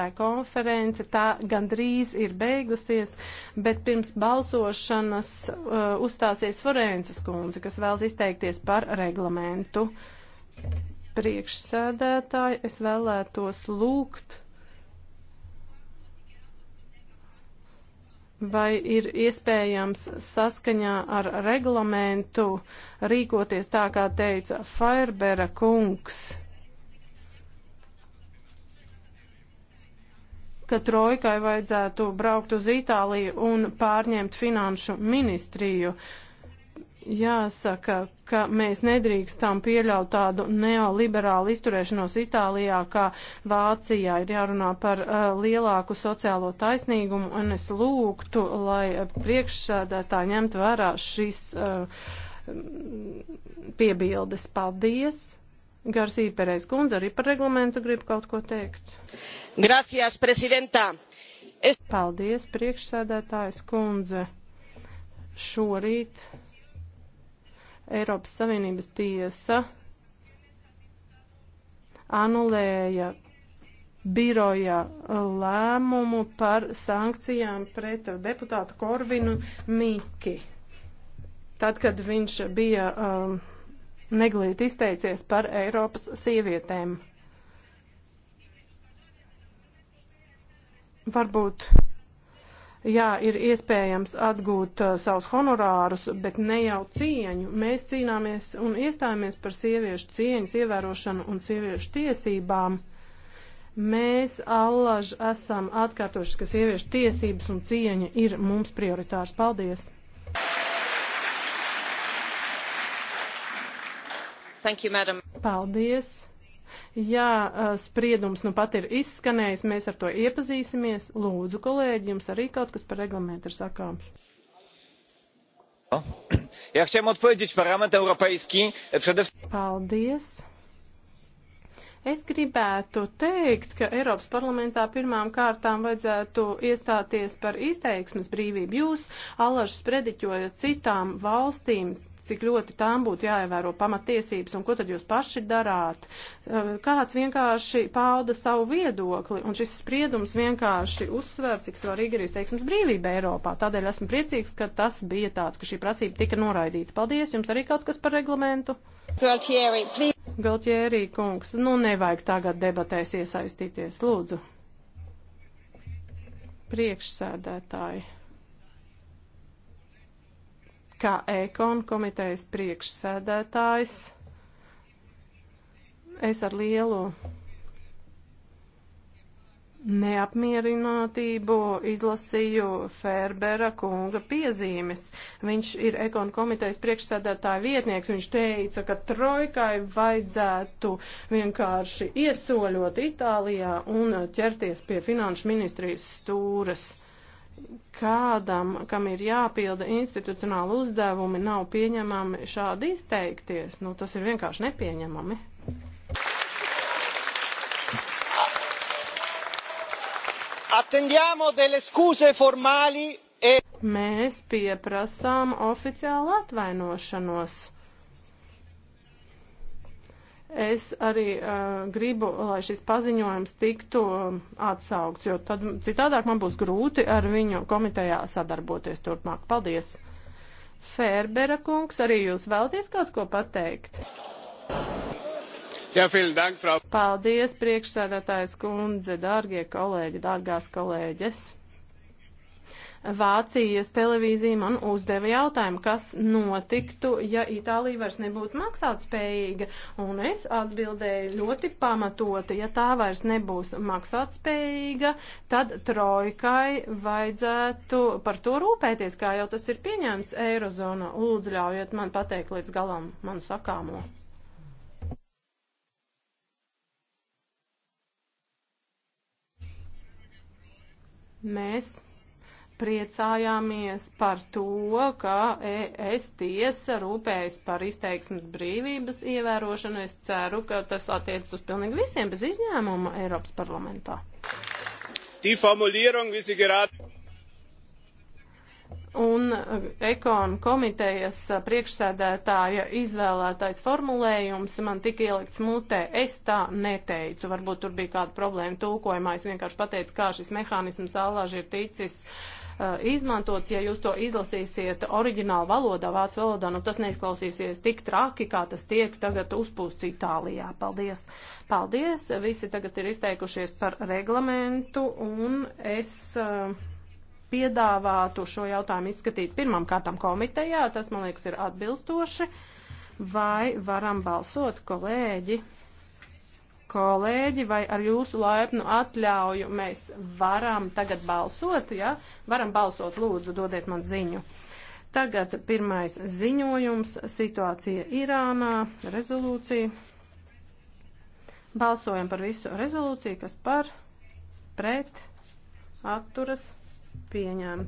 Tā konference tā gandrīz ir beigusies, bet pirms balsošanas uh, uzstāsies Forences kundze, kas vēlas izteikties par reglamentu. Priekšsēdētāji, es vēlētos lūgt, vai ir iespējams saskaņā ar reglamentu rīkoties tā, kā teica Fairbera kungs. ka trojkai vajadzētu braukt uz Itāliju un pārņemt finanšu ministriju. Jāsaka, ka mēs nedrīkstam pieļaut tādu neoliberālu izturēšanos Itālijā, kā Vācijā ir jārunā par uh, lielāku sociālo taisnīgumu, un es lūgtu, lai priekšsēdētāji ņemt vērā šīs uh, piebildes. Paldies! Garcija Perez kundze arī par reglamentu grib kaut ko teikt. Gracias, prezidentā. Es... Paldies, priekšsēdētājs kundze. Šorīt Eiropas Savienības tiesa anulēja biroja lēmumu par sankcijām pret deputātu Korvinu Miki. Tad, kad viņš bija um, neglīt izteicies par Eiropas sievietēm. Varbūt jā, ir iespējams atgūt uh, savus honorārus, bet ne jau cieņu. Mēs cīnāmies un iestājāmies par sieviešu cieņas ievērošanu un sieviešu tiesībām. Mēs allaž esam atkārtojuši, ka sieviešu tiesības un cieņa ir mums prioritārs. Paldies! Thank you, madam. Paldies. Jā, spriedums nu pat ir izskanējis, mēs ar to iepazīsimies. Lūdzu, kolēģi, jums arī kaut kas par reglamentu ir sakāms. Ja chciałem odpowiedzieć Parlament Europejski e, przede wszystkim. Paldies. Es gribētu teikt, ka Eiropas parlamentā pirmām kārtām vajadzētu iestāties par izteiksmes brīvību. Jūs alažas prediķojat citām valstīm, cik ļoti tām būtu jāievēro pamatiesības un ko tad jūs paši darāt. Eh, kāds vienkārši pauda savu viedokli un šis spriedums vienkārši uzsver, cik svarīgi ir izteiksmes brīvība Eiropā. Tādēļ esmu priecīgs, ka tas bija tāds, ka šī prasība tika noraidīta. Paldies jums arī kaut kas par reglamentu. Galtieri, please. Galtjērī kungs, nu nevajag tagad debatēs iesaistīties, lūdzu. Priekšsēdētāji. Kā ekon komitejas priekšsēdētājs, es ar lielu neapmierinātību izlasīju Ferbera kunga piezīmes. Viņš ir ekonu komitejas priekšsēdētāja vietnieks. Viņš teica, ka trojkai vajadzētu vienkārši iesoļot Itālijā un ķerties pie finanšu ministrijas stūras. Kādam, kam ir jāpilda institucionāli uzdevumi, nav pieņemami šādi izteikties. Nu, tas ir vienkārši nepieņemami. Attendiamo delle scuse formali e. Mēs pieprasām oficiālu atvainošanos. Es arī uh, gribu, lai šis paziņojums tiktu uh, atsaukts, jo tad citādāk man būs grūti ar viņu komitejā sadarboties turpmāk. Paldies! Fērbera kungs, arī jūs vēlties kaut ko pateikt? Jā, dank, frau. Paldies, priekšsēdētājs kundze, dārgie kolēģi, dārgās kolēģes. Vācijas televīzija man uzdeva jautājumu, kas notiktu, ja Itālija vairs nebūtu maksātspējīga, un es atbildēju ļoti pamatoti, ja tā vairs nebūs maksātspējīga, tad trojkai vajadzētu par to rūpēties, kā jau tas ir pieņemts Eirozona. Lūdzu, ļaujiet man pateikt līdz galam manu sakāmo. Mēs priecājāmies par to, ka ES tiesa rūpējas par izteiksmes brīvības ievērošanu. Es ceru, ka tas attiec uz pilnīgi visiem bez izņēmuma Eiropas parlamentā. Die Formulierung, wie Sie gerade Un uh, ekonu komitejas uh, priekšsēdētāja izvēlētais formulējums man tika ielikts mutē. Es tā neteicu. Varbūt tur bija kāda problēma tulkojumā. Es vienkārši pateicu, kā šis mehānisms allāži ir ticis uh, izmantots. Ja jūs to izlasīsiet oriģinālu valodā, vācu valodā, nu tas neizklausīsies tik traki, kā tas tiek tagad uzpūsts Itālijā. Paldies! Paldies! Visi tagad ir izteikušies par reglamentu un es. Uh, piedāvātu šo jautājumu izskatīt pirmam kārtam komitejā, tas, man liekas, ir atbilstoši. Vai varam balsot, kolēģi? kolēģi, vai ar jūsu laipnu atļauju mēs varam tagad balsot, ja? Varam balsot, lūdzu, dodiet man ziņu. Tagad pirmais ziņojums - situācija Irānā, rezolūcija. Balsojam par visu rezolūciju, kas par, pret, atturas pieņem.